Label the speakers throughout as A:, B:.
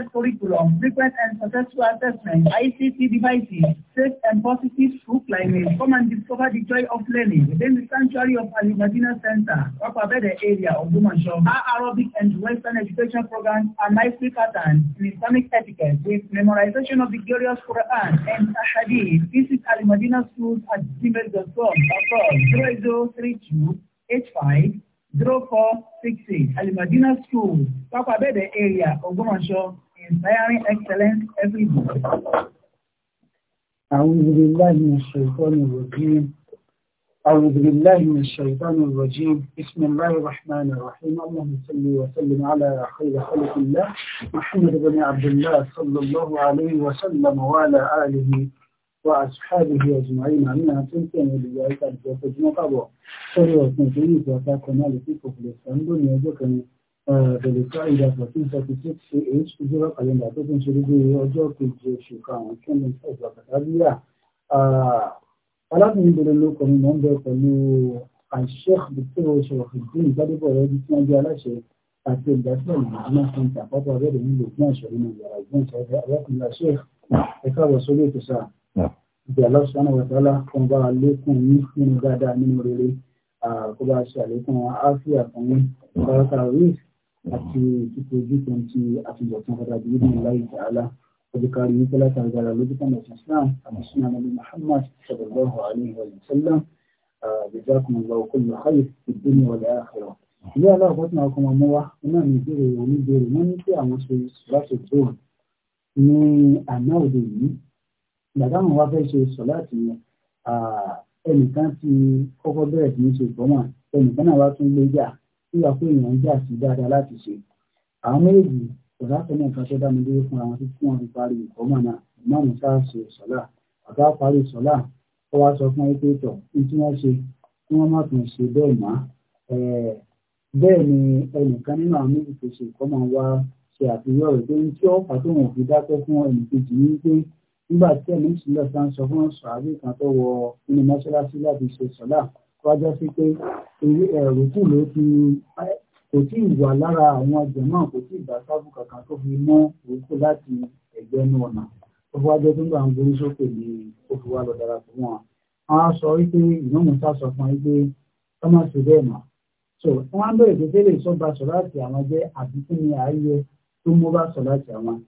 A: integrated curriculum, frequent and successful assessment, ICT devices, safe and positive school climate. Come and discover the joy of learning within the sanctuary of Al Madina Center, Rapabede area of Dumashaw. Our Arabic and Western education programs are nicely patterned in Islamic etiquette with memorization of the glorious Quran and Hadith. Visit Al Madina schools at gmail.com or call 0032 85 zero four six eight alimadina school pápá bẹ́ẹ̀dẹ̀ area Ògbómọ̀ṣọ́ inspiring excellence every day. أعوذ بالله من الشيطان الرجيم أعوذ بالله من الشيطان الرجيم بسم الله الرحمن الرحيم اللهم صل وسلم على خير خلق الله محمد بن عبد الله صلى الله عليه وسلم وعلى آله وأصحابه أجمعين عمنا تنسين لذلك الجوفة مقابو شريعة نجيب وتاكنا لفيكو في الإسلامدون يجوكني بالإسرائيل فتنسة تسكسي إيش إجراء قلن لأتوكن شريعي يجوكي جيشي كان كنن فوضى كتابية alábìnrin gbọdọ ló kọ ní mọ̀nbẹ pẹ̀lú àìsèk bìtẹ́rọ ṣòwòfìdín ìgbàdébọ̀ rẹ bí tí wọ́n jẹ́ aláṣẹ àti olùdásílẹ̀ ìgbìmọ̀ sẹ́ńtà àpapọ̀ abẹ́rẹ́ nílò fún àṣẹ nínú yàrá ìgbọ̀nsẹ̀ abẹ́kùnrin àṣẹ ẹ̀ka àwọ̀sọ́lẹ̀ tó sáà. Ìjọ lọ́sàn-án wàtálà kan bá lékún ní nínú dáadáa nínú rere kó bá ṣe àlékún áfíà fún yín bàtà rìs àti ìtìkú ojú kan ti àtúnjọ̀tún pàtàkì yìí ní láì tààlà olùkárí ní kọ́lá tàgbàrà lójú kan ọ̀sán Islam àti sínú àmì Muhammad sallallahu alaihi wa sallam jazakumullahu kullu khair fid dunya wal akhirah ilé aláàbọ̀tún àwọn ọmọ gbàdáhùn wa fẹ́ ṣe sọ̀láàtì ẹnìkan ti kọ́kọ́ bẹ̀rẹ̀ sí ní ṣe ìgbọ́mọ̀ ẹnìkan náà wá tún lé jà nígbà pé èèyàn ń jà sí dáadáa láti ṣe àwọn méjèèjì ọ̀dà tẹ̀lé nǹkan tó dá mi dúró fún àwọn títí wọn fi parí ìgbọ́mọ̀ náà ìmáàmù sáà ṣe sọ̀lá ọ̀gá parí sọ̀lá ó wá sọ fún ẹgbẹ́ ìtọ̀ ní tí wọ́n ṣe kí wọ́n má tún ṣe bẹ́ẹ̀ mọ́ bẹ́ẹ̀ ni ẹnìkan nínú àwọn méjì tó ṣe ìkọ́mọ̀ wá ṣe àfihàn rẹ̀ pé ní tí ọ̀pá tó wọn fi dákẹ́ fún ẹnì kejì ní pé nígbà tí ẹ̀mí ìsìnlẹ̀ ta ń sọ fún ọ̀sán àbí kan tó wọ inú mọ́ṣáláṣí láti ṣe sọ́lá wájú sí pé ẹ̀rù kù ló ti kò tí ì wà lára àwọn ọjà náà kò tí ì bá sábù kankan tó fi mọ́ òkú láti ẹ̀gbẹ́ inú ọ̀nà tó fi wájú tó ń gbà ń borí sókè ní ó fi wá lọ darapọ̀ wọn. wọ́n á sọ wípé ìnáwó ta sọ fún wípé ọmọ sì bẹ́ẹ̀ mọ̀. so wọ́n á bẹ̀rẹ̀ pé tẹ́lẹ̀ sọ́ba sọ̀ láti àwọn jẹ́ àbí kí ni àáyẹ tó mú bá sọ̀ láti àwọn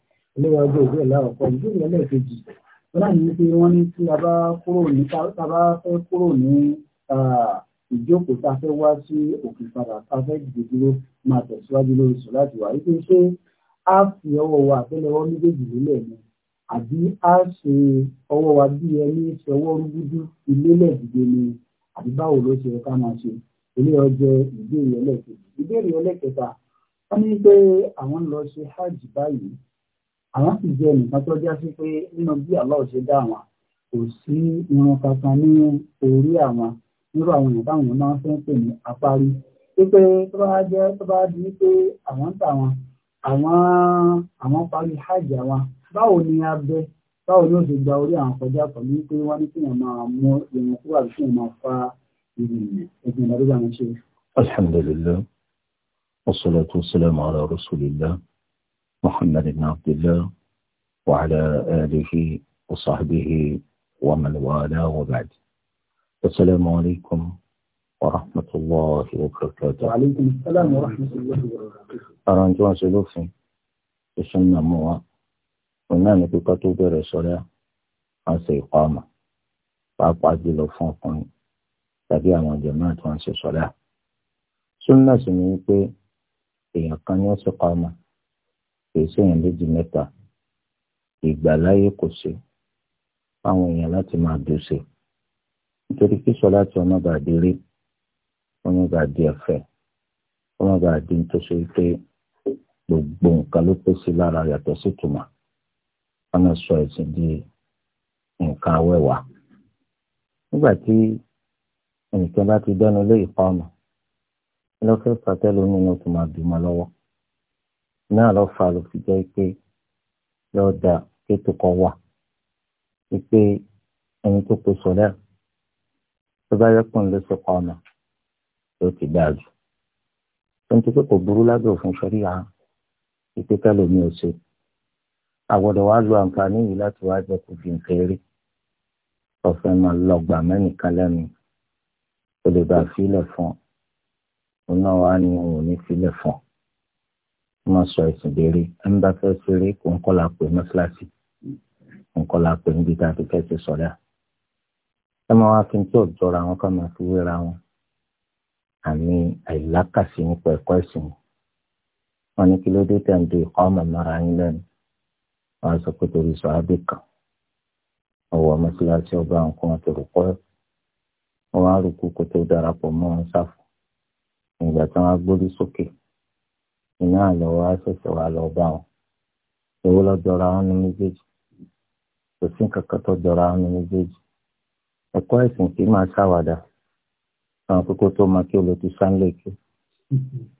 A: níwájú òbí ẹ̀ láàkọ́ ìdílé ẹlẹ́ẹ̀kejì láàyè wípé wọ́n ní tí a bá kúrò ní tá bá fẹ́ kúrò ní ìjókòó tá a fẹ́ wá sí òkè padà tá a fẹ́ dìde dúró máa tẹ̀síwájú lórí sùn láti wà wípé ṣé a fi ọwọ́ wa àtẹ́lẹwọ́ méjèèjì lélẹ̀ ni àbí a ṣe ọwọ́ wa bí ẹni ṣe rúgúdú ìlélẹ̀ dìde ni àbí báwo ló ṣe ká máa ṣe ilé ọjọ́ ìbéèrè ẹlẹ́kẹta ìbéèrè ẹlẹ́kẹta wọ́n ní pé àwọn lọ ṣe hajj báyìí àwọn sì jẹ́ nìkan tó já sí pé nínú bí aláwọ̀ ṣe dá àwọn kò sí irun kankan ní orí àwọn nírú àwọn èèyàn táwọn máa ń fẹ́ pè ní apárí pípé tó bá jẹ́ tó bá di pé àwọn ń tà wọn àwọn àwọn parí hajj àwọn báwo ni abẹ báwo ni ó ṣe gba orí àwọn kọjá pẹ̀lú pé wọ́n ní kí wọ́n máa mú irun kúrò àbí kí wọ́n máa fa ìrìn ẹ̀sìn ìdádúgbò àwọn ṣe.
B: alhamdulillah wassalatu wassalamu ala rasulillah. محمد بن عبد الله وعلى آله وصحبه ومن والاه وبعد السلام عليكم ورحمة الله وبركاته
A: وعليكم السلام ورحمة الله وبركاته
B: أرانت واسلوفي السنة موا ونانا بكتو برسولة أنسى إقامة فأقوى jùlọ فنقن تبيع tàbí àwọn jẹ̀máà tó ń ṣe sọ́lá. súnà kìí sẹ́yìn méjì mẹ́ta ìgbàláyé kò sí fáwọn èèyàn láti máa dùsè nítorí kí sọ láti ọmọ bá di rí ọmọ bá di ẹ̀fẹ̀ ọmọ bá di nítorí pé gbogbo nǹkan ló pèsè lára yàtọ̀ sí tùmọ̀ ọmọ sọ ẹ̀sìn di nǹkan awẹ́wà nígbà tí ẹnìkan bá ti dẹnu lé ìpa ọmọ ẹ lọ fẹ́ pàtẹ́ lómi náà tó máa bímọ lọ́wọ́ náà lọ fà ló fi jẹ́ pé yóò dà kéètò kan wà wípé ẹni tó pe sọ̀rẹ́ tó bá yẹ kùn ló ṣe pa ọ̀nà ló ti dáa jù tó ń ti pé kò burú lábẹ́ òfin ṣẹ́rí à ìpè kẹlòmí ò ṣe àgbọ̀dọ̀ wá lo àǹfààní yìí láti wá jẹ́ kó fi nǹkan eré ọ̀fẹ́ máa lọ gbà mẹ́nìkan lẹ́nu kò lè bá a fún un náà wá ní òun ò ní filẹ̀ fún un máa sọ ẹ̀sìn béèrè ẹni bá fẹ́ ṣeré kò ń kọ́lá pé mọ́ṣáláṣí kò ń kọ́lá pé níbi tá a ti fẹ́ ṣe sọ̀dá. ẹ máa wá fi tí ò jọra wọn ká máa fi wéra wọn àmì àìlákàsí nípa ẹ̀kọ́ ẹ̀sìn wọn ní kí ló dé tẹ̀ ń do ìkọ́ ọmọ mara yín lẹ́nu wọn sọ pé torí sọ abẹ́ kan ọwọ́ mọ́ṣáláṣí ọba nǹkan àtòrúkọ́ wọn á rúkú kó tó darapọ̀ mọ́ wọn sáfù ìgbà tí wọn á gbórí sókè. So iná àlọ́wọ́ á ṣẹ̀ṣẹ̀ wá lọ bá wọn èwo lọ jọra wọn ní méjèèjì kò sí nǹkan kan tó jọra wọn ní méjèèjì ẹ̀kọ́ ẹ̀sìn kì í máa ṣàwàdà àwọn kókó tó máa kí olóòtú sáńlẹ̀kì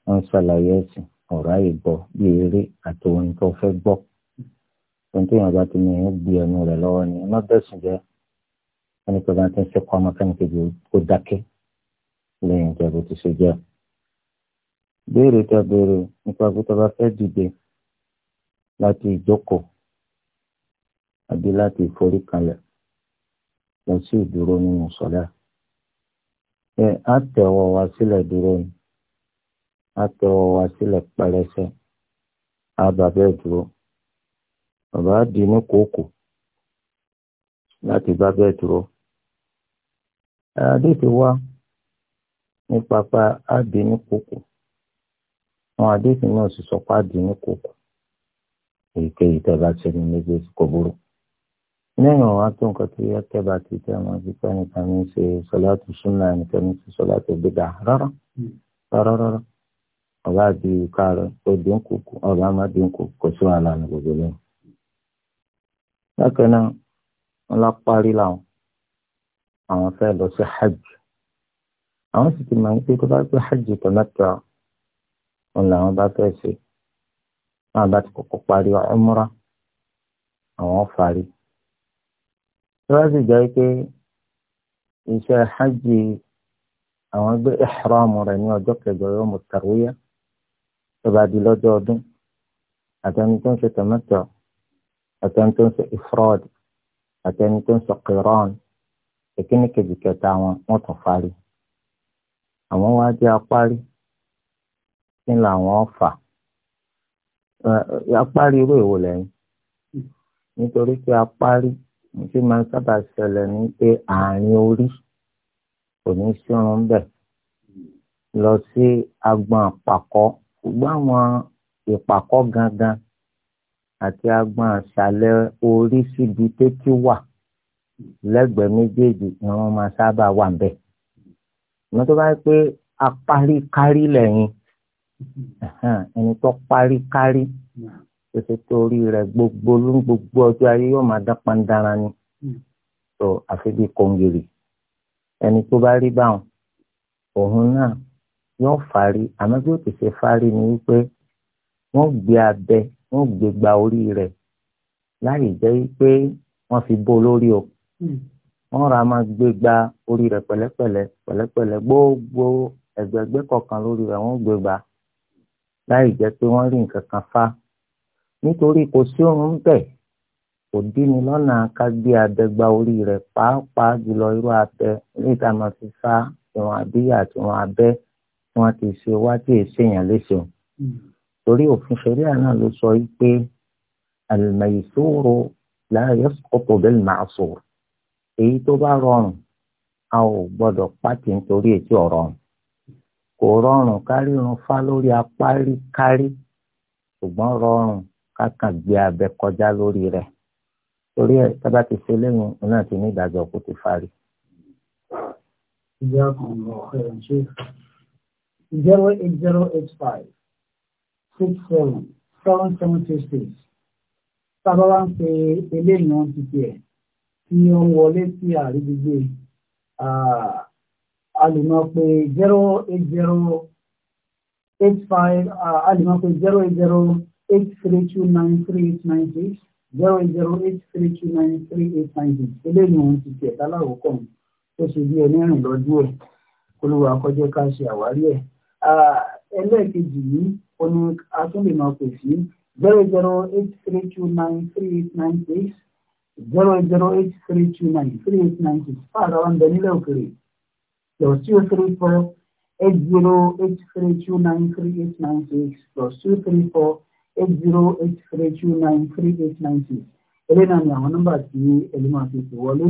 B: wọ́n ń ṣàlàyé ẹ̀sìn ọ̀rá ìbọ̀ bí eré àti orin tó fẹ́ gbọ́ ohun tó yàn ti ní gbé ẹnu rẹ̀ lọ́wọ́ ni ọmọ bẹ́sùn jẹ́ ẹni pẹ̀lú àti ń ṣẹ́kọ̀ọ́ ọmọ kẹ́nìkejì ó dákẹ́ lẹ́yìn ìjẹ́bù tó ṣe jẹ́ béèrè tó béèrè nípa pé tó bá fẹ́ dìde láti ìjókòó àbí láti ìforíkanlẹ̀ lọ sí ìdúró nínú sọ́lá. ẹ á tẹ̀wọ́ wa sílẹ̀ dúró ni á tẹ̀wọ́ wa sílẹ̀ pẹrẹsẹ á bà bẹ́ẹ̀ dúró bàbá di ní kòókò láti bá bẹ́ẹ̀ dúró. àdéhùn wa ní pápá á di ní kòókò àwọn àdéhùn náà sì sọ páàdì ní kòkó èyíkéyìí tẹ́ bá ṣe ní méjèèjì kò burú lẹ́yìn ọ̀hún àti nǹkan tí ẹ̀kẹ́ bá ti tẹ́ wọn sí pé nìkan ní ṣe sọláàtù súnà nìkan ní ṣe sọláàtù gbéga rárá rárá rárá ọba àti ìka rẹ ó dín kùkù ọba má dín kùkù kò sí wàhálà ní gbogbo lẹ́yìn. bákan náà wọn lá parí làwọn àwọn fẹ́ lọ sí hajj àwọn sì ti máa ń pé tó bá pé hajj tọ́mẹ́ta wọn làwọn bá fẹ́ ṣe wọn bá ti kọ́kọ́ parí umrah àwọn fari tí wọ́n sì jẹ́ pé iṣẹ́ hajj àwọn gbé ihram rẹ̀ ní ọjọ́ kẹjọ yóò mú tàwíyá tó bá di lọ́jọ́ ọdún àtẹni tó ń ṣe tamattu àtẹni tó ń ṣe ifrad àtẹni tó ń ṣe qiran ìkíni kejì kẹta wọn wọ́n tún fari àwọn wá jẹ́ apárí kí làwọn fà apárí irú èwo lẹ́yìn nítorí pé apárí tí máa ń sábà ṣẹlẹ̀ ní pé àárín orí kò ní sírun bẹ̀ lọ sí agbọn àpàkọ́ ṣùgbọ́n àwọn ìpàkọ́ gangan àti agbọn àṣàlẹ̀ orí síbi tẹ́tí wà lẹ́gbẹ̀ẹ́ méjèèjì ni wọ́n máa sábà wà ń bẹ̀. ìmọ̀tọ́ bá yẹ pé apárí kárí lẹ́yìn ẹni tó parí kárí tètè torí rẹ̀ gbogbo ló ń gbogbo ọjọ́ ayé yóò máa dá pandara ni tó hmm. àfi bíi kòǹgìrì ẹni tó bá rí báwọn òun náà yóò fárí àmọ́ bí ó ti ṣe fárí ni wípé wọ́n gbé abẹ wọ́n gbé gba orí rẹ̀ láì jẹ́ wípé wọ́n fi bó lórí o hmm. wọ́n ra máa gbé gba orí rẹ̀ pẹ̀lẹ́pẹ̀lẹ́ pẹ̀lẹ́pẹ̀lẹ́ gbogbo ẹ̀gbẹ̀gbẹ́ kọ̀ọ̀kan lórí rẹ̀ wọ́n gbé gba láì jẹ́ pé wọ́n rí nǹkan kan fá nítorí kò sí oorun bẹ́ẹ̀ kò dí ni lọ́nà ká gbé adẹ́gba orí rẹ̀ pàápàá jùlọ irú abẹ eléyìí tá a máa fi fá ìwọ̀n àbíyà àti ìwọ̀n abẹ́ tí wọ́n ti ṣe wá tí èsì èèyàn léṣe o. torí òfin ṣẹlẹ́à náà ló sọ yìí pé àlùmọ̀yìsòrò la yasqutu bil ma'sur èyí tó bá rọrùn a ò gbọ́dọ̀ pàtì nítorí ètò ọ̀rọ̀ ọ̀hún kò rọrùn kárí irun fá lórí apárí kárí ṣùgbọ́n rọrùn kákan gbé abẹ kọjá lórí rẹ̀ torí ẹ̀ tábà ti ṣe lẹ́yìn iná ti ní ìdájọ́ kó ti fárí.
A: zero eight zero eight five six seven seven seven six six tábà wá ń pe eléyìí náà ti tiẹ̀ tí ó wọlé sí àrídìgbé a lè zero eight zero eight five a lè zero eight zero eight three two nine three eight nine six zero eight zero eight three two nine three eight nine six eléyìí òun ti tiẹ̀ táláwò kàn tó ṣe bí ẹni rìn lọ́dún ẹ̀ olùwà kọjá ká ṣe àwárí ẹ̀ ẹlẹ́ẹ̀kejì yìí ó ní a tún lè máa pè sí zero zero eight three two nine three eight nine six zero zero eight three two nine three eight nine six fáàrà wa ń bẹ nílẹ̀ òkèrè plus 234 8083293896 plus 234 8083293896 eléyìí náà ni àwọn nọ́mbà tí ẹni máa fi pè wọlé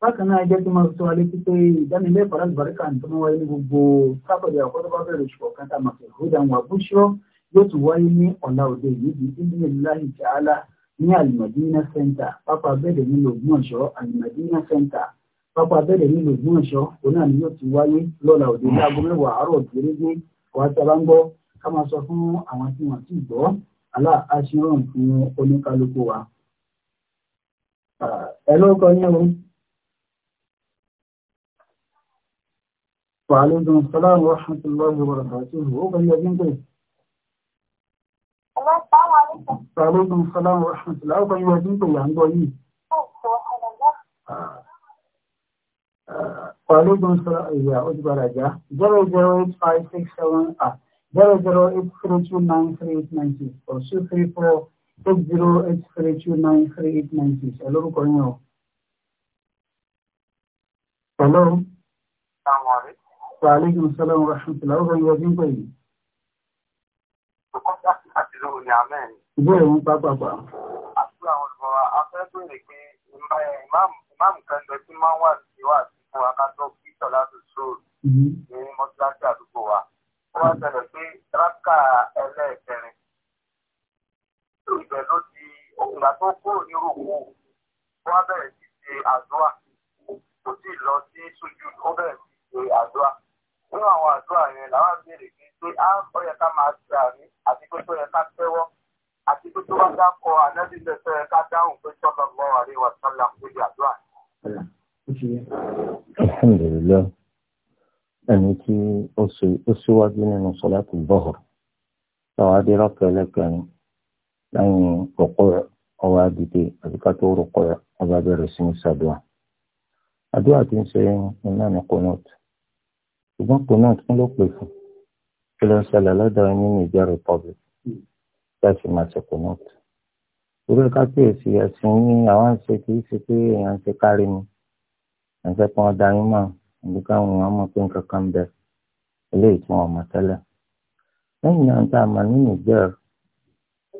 A: bákan náà jẹ́ kí máa sọ alẹ́ pípé ìdánilẹ́kọ̀ọ́ alábàárìkà tó máa wáyé ní gbogbo sábàdì àkọ́tọ́ bá bẹ̀rẹ̀ ṣùgbọ́n kan tá a máa fi ìhódà wọn àbúṣọ́ yóò tún wáyé ní ọ̀la pápá abẹ́rẹ́ nílùú Ògbómọ̀ṣọ́ òun náà ni yóò ti wáyé lọ́la òde ní aago mẹ́wàá àárọ̀ gẹ́gẹ́ àwọn tí a bá ń gbọ́ ká máa sọ fún àwọn tí wọ́n ti gbọ́ aláàṣíràn fún oníkálukú wa. ẹ lóko yín o. وعليكم السلام ورحمة الله وبركاته وغير يدين قيس السلام عليكم وعليكم السلام ورحمة الله وغير يدين قيس عن دولي Wàlúùgbọ́n sọ̀rọ̀ ìyá ó ti gbọ́dọ̀ já zero zero eight five six seven uh, zero zero eight three two nine three eight nine six or oh, two three four eight zero eight three two nine three eight nine six ẹ̀ lórúkọ yín o. Hello. Wa aleykum salaam wa rahmatulah. Ó rọrùn ọdún pẹ̀lú. Ìbéèrè wọn pápá pa. Àti àwọn olùkọ́ afẹ́fẹ́ rẹ̀ pé ìmáàmù ìmáàmù kan bẹ tí máa ń wà sí wà sí fún wa ká tó kí sọlá tó sóòrù mm-hmm. ní mọ́tíláṣí àdúgbò wa ó wá ṣẹlẹ̀ pé rákà ẹlẹ́ẹ̀kẹrin ìbẹ̀ ló ti òkùnà tó kúrò ní rògbò ó wá bẹ̀rẹ̀ sí ṣe àdúrà kò tí ì lọ sí sójú ó bẹ̀rẹ̀ sí ṣe àdúrà nínú àwọn àdúrà yẹn làwọn béèrè pé pé á ó yẹ ká máa ṣe àmì àti pé tó yẹ ká tẹ́wọ́ àti pé tó bá dákọ̀ ànábìsẹ̀sẹ̀ ká dáhùn pé sọ́kàn mọ́ àríwá sọ́là kó yàdúrà
B: alhamdulilayi ẹni tí ó síwájú nínú sọláàtì bọ́ọ̀rù táwọn adérọ́pẹ̀ ẹlẹ́kẹrin lẹ́yìn ọ̀pọ̀ ọwọ́ adìde àbíkátó orúkọ ọba bẹ̀rẹ̀ sí ní sàdúà àdúrà tí ń ṣe iná ní kọ́nọ́ọ̀tù ṣùgbọ́n kọ́nọ́ọ̀tù ń lọ pè fún kí ló ń ṣẹlẹ̀ lọ́dọ̀ nínú ìjọ republic láti máa ṣe kọ́nọ́ọ̀tù orí ká kíyèsí ẹ̀sìn yín àwọn ń ṣe kìí ṣe pé èèyàn ń ṣe kárí mi ẹ̀fẹ́ kan ọ̀dà yín mọ̀ àbí káwọn èèyàn mọ̀ pé nǹkan kan ń bẹ eléyìí tí wọ́n mọ̀ tẹ́lẹ̀. lẹ́yìn náà tá a mọ̀ ní Niger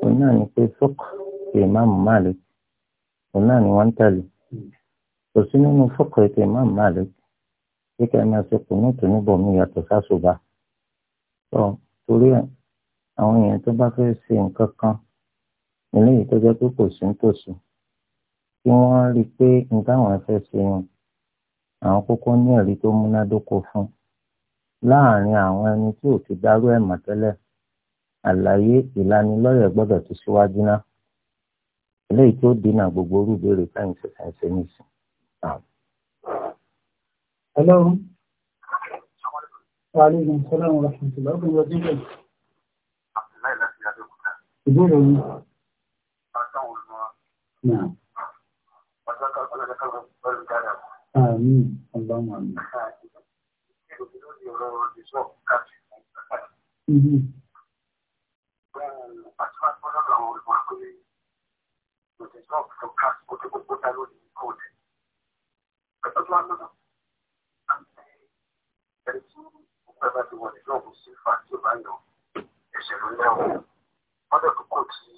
B: òun náà ni pé fúk ti ìmáàmù Malik òun náà ni wọ́n ń tẹ̀lé kò sí nínú fúk ti ìmáàmù Malik bí kẹ́ ẹ máa ṣe kù nítorí níbòmí yàtọ̀ sásùbà torí àwọn èèyàn eléyìí tó jẹ́ pé kò sí nítòsí kí wọ́n rí i pé nǹkan àwọn fẹ́ ṣe wọn àwọn kókó ní ẹ̀rí tó múnádóko fún láàárín àwọn ẹni tí ò ti dárú ẹ̀ mọ̀ tẹ́lẹ̀ àlàyé ìlanilọ́yẹ̀ gbọ́dọ̀ ti síwájú náà eléyìí tó dínà gbogbo orú ìbéèrè káyìn ṣẹ̀ṣẹ̀ ṣe nìsín.
A: Hello. Wa alaikum salaam wa rahmatullahi wa barakatuh. Ìbéèrè yìí. نعم آمين اللهم آمين Ọdọ̀ tó kò tí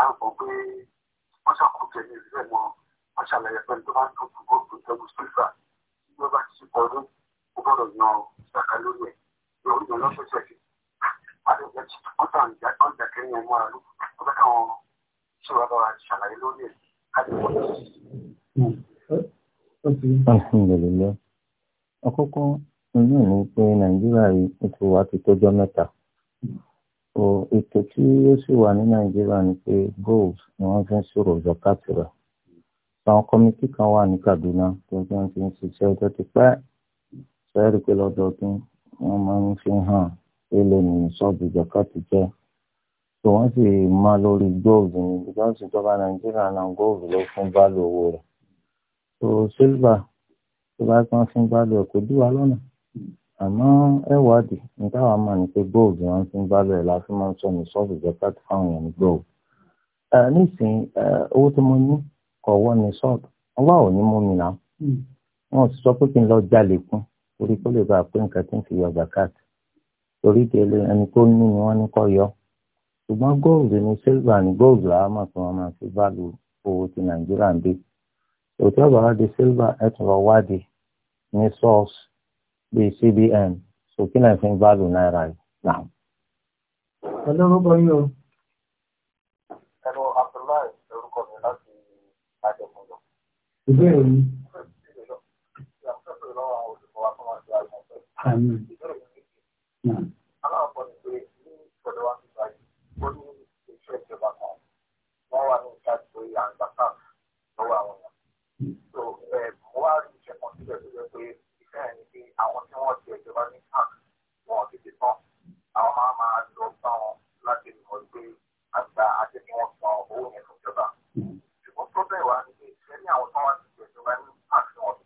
A: a ń bọ̀ pé wọ́n ṣàkóso ẹni ìfẹ́ wọn wọ́n ṣàlàyé pẹ̀lú tó bá ń tún fún gbogbo ìjọba sífà tí wọ́n bá ti pọ̀ ọdún ó gbọ́dọ̀ yan ìṣàkà lórí ẹ̀ lórí ìyẹn lọ́sọ̀ọ̀sẹ̀ kì àdéhùn ẹ̀jẹ̀ wọ́n tàn ọjà kẹ́yìn ọmọ àlú ó káwọn ṣèwà ṣàlàyé lórí ẹ̀ alhamdulilayi
B: àkọ́kọ́ inú mi pé nàìjíríà yìí ti wá ti tọ́jọ́ mẹ́ta O ètò tí ó sì wà ní nàìjíríà ni pé gold ni wọ́n fi ń sọ̀rọ̀ zakatira àwọn kọ́mítì kan wà ní kaduna tó ń fi ń ṣiṣẹ́ ọjọ́ ti pẹ́ sẹ́ẹ̀rì pé lọ́dọọdún wọ́n máa ń fi hàn èlò ní sọ́ọ̀bù zakati jẹ́ so wọ́n sì má lórí gold ní bíkọ́sì ìjọba nàìjíríà náà gold ló fún báàlù owó rẹ̀ so silva tó bá tán fún báàlù ẹ̀ kò dí wa lọ́nà. àmọ́ ẹ̀wádìí nke táwọn máa ní pé gold wọn ti ń bá lọ ẹ̀ láti máa ń sọ ní ṣọ́ọ̀bù gold. owó tí mo ní kọ̀ ní ṣọ́ọ̀bù ọwọ́ ò ní mú mi náà hmm. wọn sì sọ pé kí n lọ jalè kún torí kó lè bá a pé nǹkan tí ń fi yọ ni wọ́n ní kọ́ yọ ṣùgbọ́n gold ní silver ní gold làwọn máa fi wọn máa fi bá lu owó ti Nàìjíríà ń òtí bíi cbn sókè náà fi ń gbádùn náírà yìí náà.
A: ẹ̀lú orúkọ yìí o.
B: ẹ̀rọ abdullahi lorúkọ mi láti àjẹmọ́lò.
A: ìbéèrè mi. Aláwọ̀ ni pé ní ìṣọ̀dọ̀ wa ti báyìí, ó ní iṣẹ́ ìjọba kan, wọ́n wà ní ìṣáájú pé à ń gbà sáà lọ́wọ́ àwọn èèyàn. So, mo wá rí iṣẹ́ kan síbẹ̀ tó jẹ́ pé wọn ti ìjọba ní hàn wọn tètè tán àwọn máa máa lọ bá wọn láti mọ̀ pé àgbà àti kí wọ́n san owó yẹn fún ìjọba. Hmm. ṣùgbọ́n tó bẹ̀rẹ̀ wá ní pé ní àwọn tó wá ti ìjọba ní hàn tí wọ́n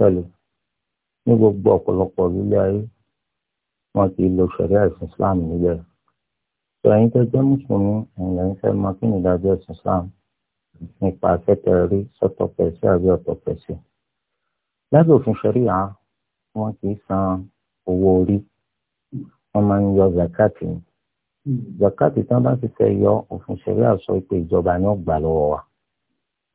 B: pẹ̀lú ní gbogbo ọ̀pọ̀lọpọ̀ ilé ayé wọn kì í lo ṣẹ̀ríà ẹ̀sìn Islam níbẹ̀ sọ ẹ̀yin tó jẹ́ mùsùlùmí ẹ̀yin lẹ́yìn fẹ́ mọ̀ kí ni ìdájọ́ ẹ̀sìn Islam nípa afẹ́tẹ̀ rí sọ́tọ̀pẹ̀sì àbí ọ̀tọ̀pẹ̀sì lábẹ́ òfin ṣẹ̀ríà wọn kì í san owó orí wọn máa ń yọ zakati zakati tí wọn bá ti fẹ́ yọ òfin ṣẹ̀ríà sọ pé ìjọba ni ó gbà lọ́wọ́ wa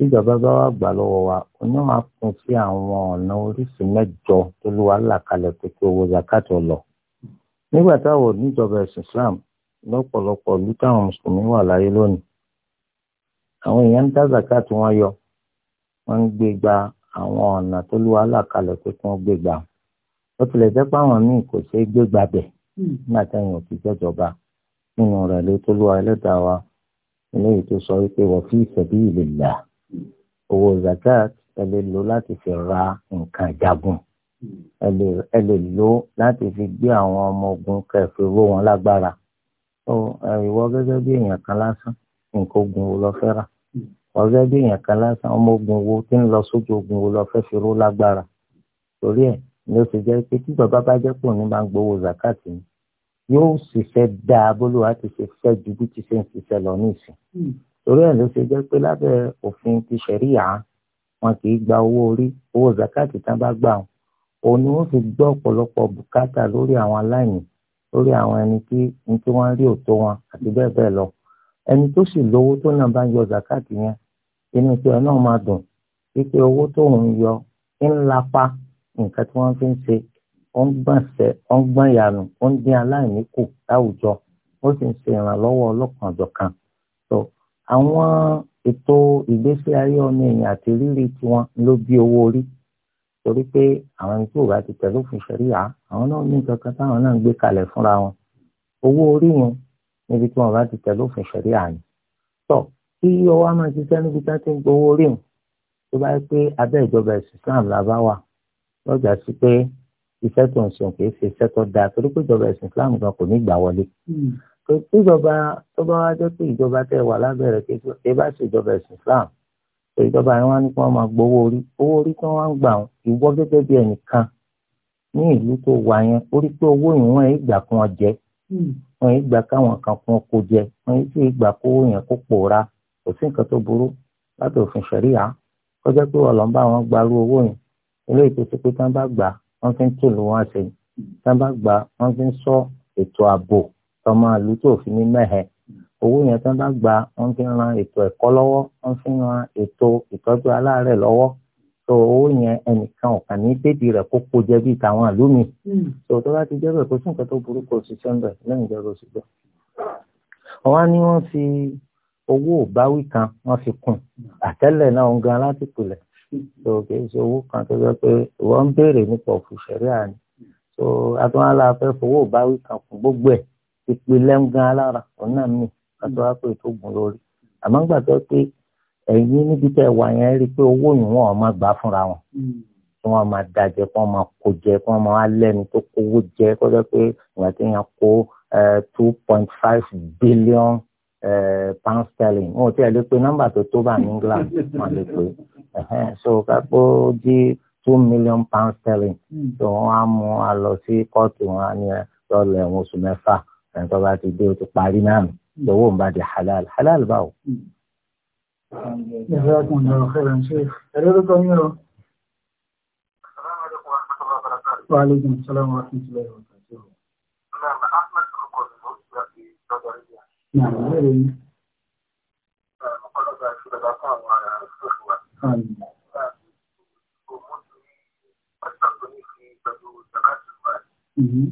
B: ìjọba bá wà gbà lọ́wọ́ wa oní máa pín sí àwọn ọ̀nà oríṣi mẹ́jọ tó ló wà lákàlẹ̀ pé kí owó zakat lọ. nígbà táwọn oníjọba ẹ̀sìn Islam lọ́pọ̀lọpọ̀ ìlú táwọn mùsùlùmí wà láyé lónìí àwọn èèyàn ń dá zakat wọn yọ wọ́n ń gbé gba àwọn ọ̀nà tó ló wà lákàlẹ̀ pé kí wọ́n gbé gbà ó tilẹ̀ jẹ́ pé àwọn míì kò ṣeé gbé gbà bẹ̀ nígbà táwọn òfin owó zakat ẹ lè lò láti fi ra nǹkan jagun ẹ lè ẹ lè lò láti fi gbé àwọn ọmọ ogun kẹfì ró wọn lágbára ó ìwọ gẹ́gẹ́ bí èèyàn kan lásán nǹkan ogun wo lọ fẹ́ rà ọgẹ bí èèyàn kan lásán ọmọ ogun wo tí ń lọ sójú ogun wo lọ fẹ́ fi ró lágbára torí ẹ̀ ni ó ti jẹ́ pé tí bàbá bá jẹ́ pò ní máa ń gbowó zakat ni yóò ṣiṣẹ́ dáa bólúwa ti ṣe fẹ́ ju bí ti ṣe ń ṣiṣẹ́ lọ ní ìsìn torí ẹ̀ ló ṣe jẹ́ pé lábẹ́ òfin ti ṣẹ̀ríyà wọn kì í gba owó orí owó zakati tán bá gbà wọn òun ni wọ́n fi gbọ́ ọ̀pọ̀lọpọ̀ bùkátà lórí àwọn aláìní lórí àwọn ẹni tí ní tí wọ́n rí òtó wọn àti bẹ́ẹ̀ bẹ́ẹ̀ lọ ẹni tó sì lówó tó náà bá ń yọ zakati yẹn inú tí ẹ náà máa dùn wípé owó tó ń yọ ń lapa nǹkan tí wọ́n fi ń ṣe ń gbọ̀nsẹ̀ ó ń gbọ̀nyànù ó ń dín aláìní kù láwùjọ ó sì ń ṣe ìrànlọ́wọ́ ọlọ́kan ọ̀jọ̀kan àwọn ètò ìgbésí ayé ọmọ èèyàn àti rírì tiwọn ló bí owó orí torí pé àwọn ẹni tí ò bá ti tẹ̀lé òfin ṣẹ̀ríyà àwọn náà ní nǹkan kan táwọn náà ń gbé kalẹ̀ fúnra wọn owó orí yẹn níbi tí wọn bá ti tẹ̀lé òfin ṣẹ̀ríyà ni. tọ́ kí ọwọ́ máa ṣiṣẹ́ níbi tí wọ́n ti ń gbowó orí wọn tó bá yẹ pé abẹ́ ìjọba ẹ̀sìn Islam la bá wà lọ́jà sí pé iṣẹ́ tó ń ṣe kì í ṣe iṣẹ́ tó dáa torí pé ìjọba ẹ̀sìn Islam gan kò ní gbà wọlé. Hmm kò sí ìjọba tó bá wá jẹ́ pé ìjọba tẹ̀ wà lábẹ́rẹ̀ pé bá ṣe ẹ̀sìn Islam ìjọba yẹn wá ní kí wọ́n máa gbowó orí owó orí tí wọ́n wá ń gbà wọn ìwọ gẹ́gẹ́ bí ẹnìkan ní ìlú tó wà yẹn orí pé owó ìwọ̀n ẹ̀ gbà kún ọ jẹ hmm. wọn yìí gbà káwọn kan kún ọkọ jẹ wọn yìí sì gbà kówó yẹn kó pòórá kò sí nǹkan tó burú láti òfin ṣẹ̀ríà kọjá pé wọn lọ ń bá wọn gbarú owó yẹn eléyìí tó ti pé tán bá gbà wọn fi ń tòlù wọn àṣẹ tán bá gbà wọn fi ń sọ ètò ààbò tọmọ ìlú tó fi ní mẹ́hẹ̀ owó yẹn tán bá gba wọ́n fi ran ètò ẹ̀kọ́ lọ́wọ́ wọ́n fi ran ètò ìtọ́jú aláàárẹ̀ lọ́wọ́ so owó yẹn ẹnìkan ò kàn ní bébì rẹ̀ kó kó jẹ bíi tàwọn ìlú mi hmm. so tó bá ti jẹ́ bẹ́ẹ̀ kó sí nǹkan tó burú kó ṣiṣẹ́ ń bẹ̀ lẹ́yìn ìjọba oṣù tó. wọ́n ní wọ́n fi owó ìbáwí kan wọ́n fi kún àtẹ́lẹ̀ náà ń gan láti pilẹ̀ so kì í ṣe owó kan tó jẹ́ pé wọ́n ń béèrè nípa òfin ṣẹ̀ríà ni so àtúnwá la fẹ́ fowó ìbáwí kan fún gbogbo ẹ̀ ìpìlẹ̀ ń gan alára ọ̀nà mi àti wàá pé tó gùn lórí àmọ́ gbà tó pé ẹ̀yin níbi tẹ́ wà yẹn rí i pé owó yìí wọn máa gbà fúnra wọn kí wọn máa dajẹ kí wọn máa kó jẹ kí wọn máa lẹ́nu tó kówó jẹ kó jẹ́ pé ìgbà tí yẹn kó two point five billion pound sterling wọn ò tí ẹ lè pe nọ́mbà tó tó bá ní England wọn lè pe so kápó jí two million pound sterling hmm. so wọn á mú a lọ sí kóòtù wọn á ní ẹ lọ ẹ̀wọ̀n oṣù mẹ́fà ẹni tó bá ti dé o ti parí náà nù lówó ń bá di halal halal báwo.
A: ìfẹ́ àkùnjọ ọ̀fẹ́rẹ̀ ń ṣe ẹ̀rọ ló kọ́ yín o. wa aleykum salaam wa rahmatullahi wa barakatuh. Nàà lórí yín. Ọlọ́gbà ìṣúdọ̀bá fún àwọn ará ìṣòfò wa. Mm-hmm.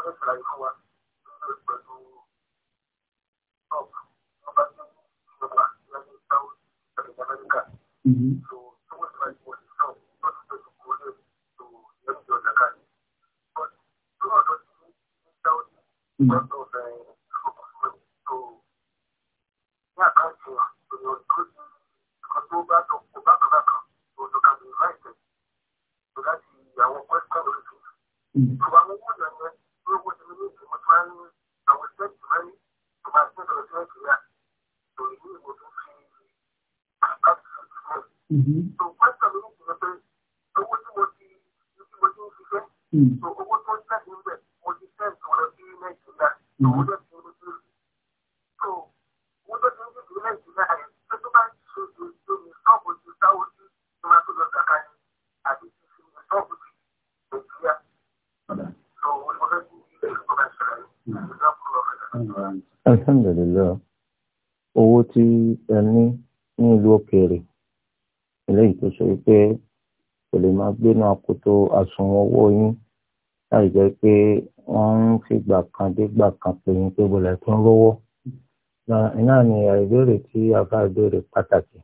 A: wọ́n lè ṣàlàyé fún wa lórí pẹ̀lú ọ̀pọ̀ ọba tí ó wà lábẹ́ ìsáwọ́ àti amẹ́ríkà. so tí wọ́n ṣàlàyé wọ́n ti sọ wọ́n ti pẹ̀lú kò lè tó yẹ kí ọjà ká ní. but tí wọ́n lọ sí ní sáwọ́ wọ́n sọ bẹ́ẹ̀ so ní àkáǹtì wa èèyàn tó ti kan tó bá tó kó bá kan bá kan tó tó ká lè láìpẹ́ tó láti àwọn pẹ́ẹ́sì kan lórí tó. ìtura owó yẹn So pásítọ̀ ló ń sọ̀rọ̀ pé owó tí
B: mo ti tí mo ti ń ṣiṣẹ́. So owó tó ń tẹ̀sí ń bẹ̀ mo ti tẹ̀ sọ̀rọ̀ sí Nàìjíríà. Òun lè àsùnwọ̀n owó yín láì jẹ́ pé wọ́n ń fìgbà kan dégbà kan pè yín pé bọ̀lẹ̀ tó ń rówó. iná ni ìbéèrè tí a bá ìbéèrè pàtàkì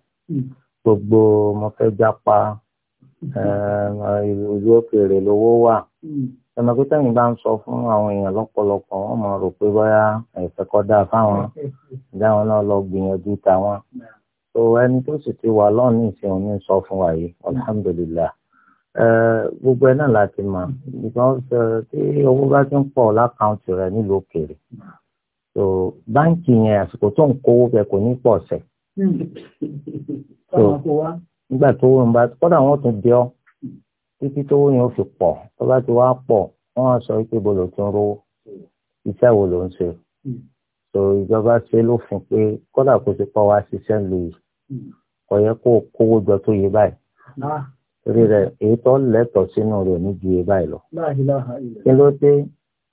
B: gbogbo mo fẹ́ jápa eh, ìlú òkèèrè lówó wà ẹmọ pé tẹ́yìn bá ń sọ fún àwọn èèyàn lọ́pọ̀lọpọ̀ wọ́n mọ̀ rò pé bóyá ẹ̀fẹ́ kọ́ dáa fáwọn ìdáhùn náà lọ gbìyànjú tàwọn. tó ẹni tó sì ti wà lọ́ọ̀nì ìṣẹ̀wọ̀n ní sọ fún wa yìí alhamdulilayi gbogbo ẹ náà láti mọ̀ because uh, tí owó bá ti ń pọ̀ lákàntì rẹ nílùú òkèèrè so báńkì yẹn àsìkò tó ń kówó bẹ kò ní pọ̀ sẹ̀. so nígbà tó wọ́n bá kọ́dà wọ́n tún di ọ́ títí tó wọ́n yẹn ó fi pọ̀ tó bá ti wá pọ̀ wọ́n á sọ pé bolo tó ń rówó iṣẹ́ wo ló ń ṣe so ìjọba ṣe lófin pé kọ́dà kò ti pọ̀ wá ṣiṣẹ́ lu yìí kò yẹ kó kówó jọ tó yẹ báyìí torí rẹ̀ èyí tó lẹ́tọ̀ọ́ sínú rẹ̀ ní ju báyìí kí ló dé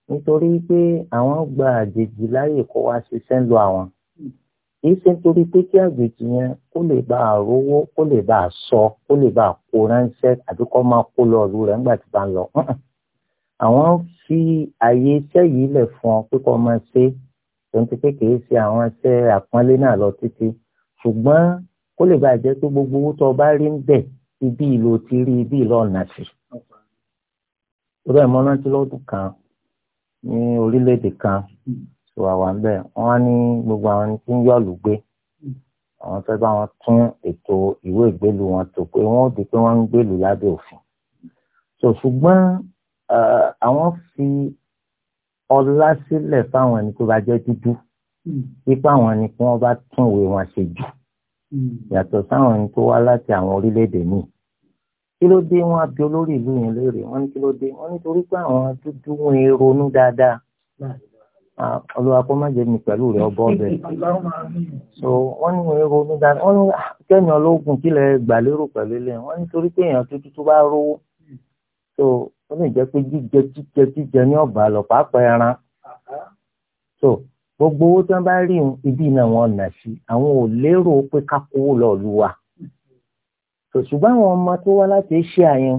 B: nítorí pé àwọn gba àjèjì láàyè kó wá ṣiṣẹ́ ń lo àwọn èyí ṣe nítorí pé kí àjèjì yẹn kó lè bá a rówó kó lè bá a sọ kó lè bá a kó ránṣẹ́ àbí kó máa kó lọ ọ̀lú rẹ̀ nígbà tí bá ń lọ. àwọn fi àyè iṣẹ́ yìí lẹ̀ fún ọ pé kó máa ṣe tòun ti pé kì í ṣe àwọn iṣẹ́ àpọ́nlé náà lọ títí ṣùgbọ́n kó lè bá a jẹ́ pé gbogbo owó tó o bá rí ń bẹ̀ ibi ìlò ti rí ibi ìlò ọ̀nà sí. Irú ẹ̀ mọ́ná tí lọ́dún kan ní orílẹ̀-èdè kan tó wà wà ńbẹ̀, wọ́n á ní gbogbo àwọn tí ń yọ̀lù gbé. Àwọn fẹ́ bá wọn tún ètò ìwé ìgbélú wọn tò pé wọ́n ó di pé wọ́n ń gbèlú lábẹ́ òfin. Sò ṣùgbọ́n àwọn fi ọlá sílẹ̀ fáwọn ẹni tó bá jẹ́ dúdú wípé àwọn ẹni tí wọ́n bá tún ìwé wọn ṣe jù yàtọ̀ sáwọn ẹni tó wá láti àwọn orílẹ̀-èdè míì kí ló dé wọn abẹ olórí ìlú yẹn léèrè wọn ní kí ló dé wọn nítorí pé àwọn dúdú wọn ń ronú dáadáa olùwà kó má jẹ mi pẹ̀lú rẹ ọbọ bẹ so wọn ní wọn ń ronú dáadáa wọn ní kẹ́mi ológun kí lẹ gbà lérò pẹ̀lú ilé wọn nítorí pé èèyàn dúdú tó bá rówó so ó lè jẹ pé jíjẹ jíjẹ jíjẹ ní ọba lọ pàápàá ẹran so gbogbo owó tí wọn bá rí ibi náà wọn nà sí àwọn ò lérò pé ká kówó lọ lù wá ṣùgbọ́n àwọn ọmọ tó wá láti ṣe àyàn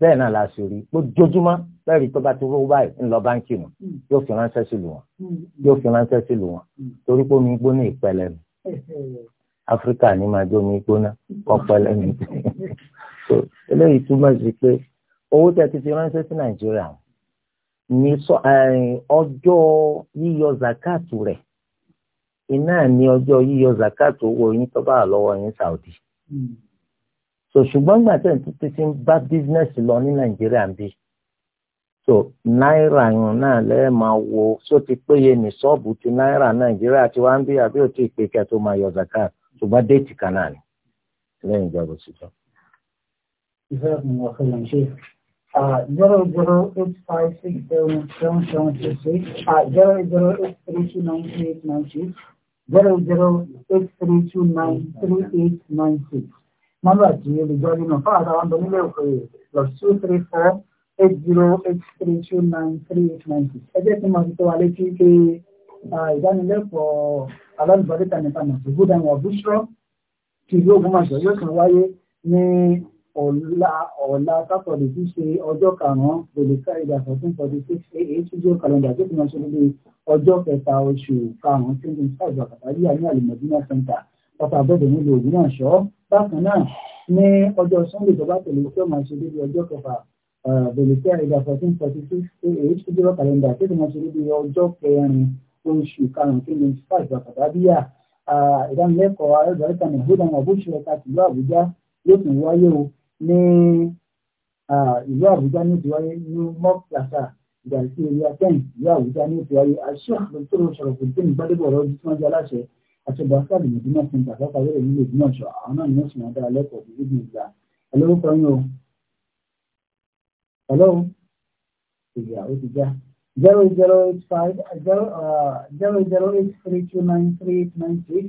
B: bẹ́ẹ̀ náà la ṣe rí lójoojúmọ́ bẹ́ẹ̀ rí tó bá ti rówó báyìí ńlọ báńkì wọn hmm. yóò fi ránṣẹ́ sí lù wọn hmm. Hmm. yóò fi ránṣẹ́ sí lù wọn torí pé omi gbóná ìpẹ́lẹ̀ nù áfíríkà ní máa jó omi gbóná ọ̀pẹ́lẹ̀ nù so eléyìí túmọ̀ sí pé owó tẹ ti fi ránṣẹ́ sí nàìjíríà ní ọjọ́ yíyọ zakatu rẹ̀ iná ní ọjọ́ yíyọ zakatu owó yín tó bá lọ́wọ́ yín Saudi so ṣùgbọ́n gbà tẹ̀ tó ti ń bá bísínẹ́sì lọ ní nàìjíríà ń bí so náírà yun náà lẹ́ẹ̀ máa wo só ti péye ní ṣọ́ọ̀bù ti náírà nàìjíríà ti wá ń bí àbí òtí ìpè kẹtó máa yọ zaka ṣùgbọ́n déètì kan náà ni lẹ́yìn ìjọba òṣìṣẹ́.
A: Ah, zero zero eight five six seven seven seven six six ah, zero zero eight three two nine three eight nine six. 00832938996 nọ́mbà tí o lè jáde náà fún àtàwọn ọmọ nílé òkèèrè plus two three four eight zero eight three two nine three eight nine six ẹ jẹ́ kí n máa fi tó wa létí pé ìdánilẹ́kọ̀ọ́ alálùbáríkà nípa nàìjíríà gbọ́dọ̀ àwọn ọ̀bùsọ̀ tìlú Ògbómọ̀ṣọ́ yóò ọ̀la ọ̀la sátọ̀dé tí ṣe ọjọ́ karùn-ún gbèdéka ìdá fourteen forty six AH ṣíṣe kàlẹ́ndà tó fi máa ṣe lóde ọjọ́ kẹta oṣù karùn-ún twenty five àkàtàríyà ní alimọ̀dúnà center pátá abẹ́bẹ̀ nílùú ògùn náà ṣọ́ bákan náà ní ọjọ́ sunday tó bá tẹ̀lé tí ó máa ṣe lóde ọjọ́ kẹfà gbèdéka ìdá fourteen forty six AH ṣíṣe kàlẹ́ndà tó fi máa ṣe lóde ọjọ́ kẹrin oṣù karùn-ún twenty five àkàtàríyà ìdánilẹ́kọ̀ọ́ ayọ̀dọ̀ ní ìlú àbújá ní ìtìwáyé ní mock plaza ìdàtí area ten ìlú àbújá ní ìtìwáyé aṣíà dókítà sọ̀rọ̀ kò tí ní gbadébọ̀ ọ̀rọ̀ ojú tí wọ́n jẹ́ aláṣẹ àti bàtà ìmọ̀dúnmọ̀ fún ìgbà pápá lórí ìlú ìdúnmọ̀ṣọ́ àwọn náà ni wọ́n sì máa dára lẹ́kọ̀ọ́ bí ibi ìgbà ẹlórúkọ yín o hello ìyá ó ti já zero zero eight five zero uh, zero zero eight three two nine three eight nine six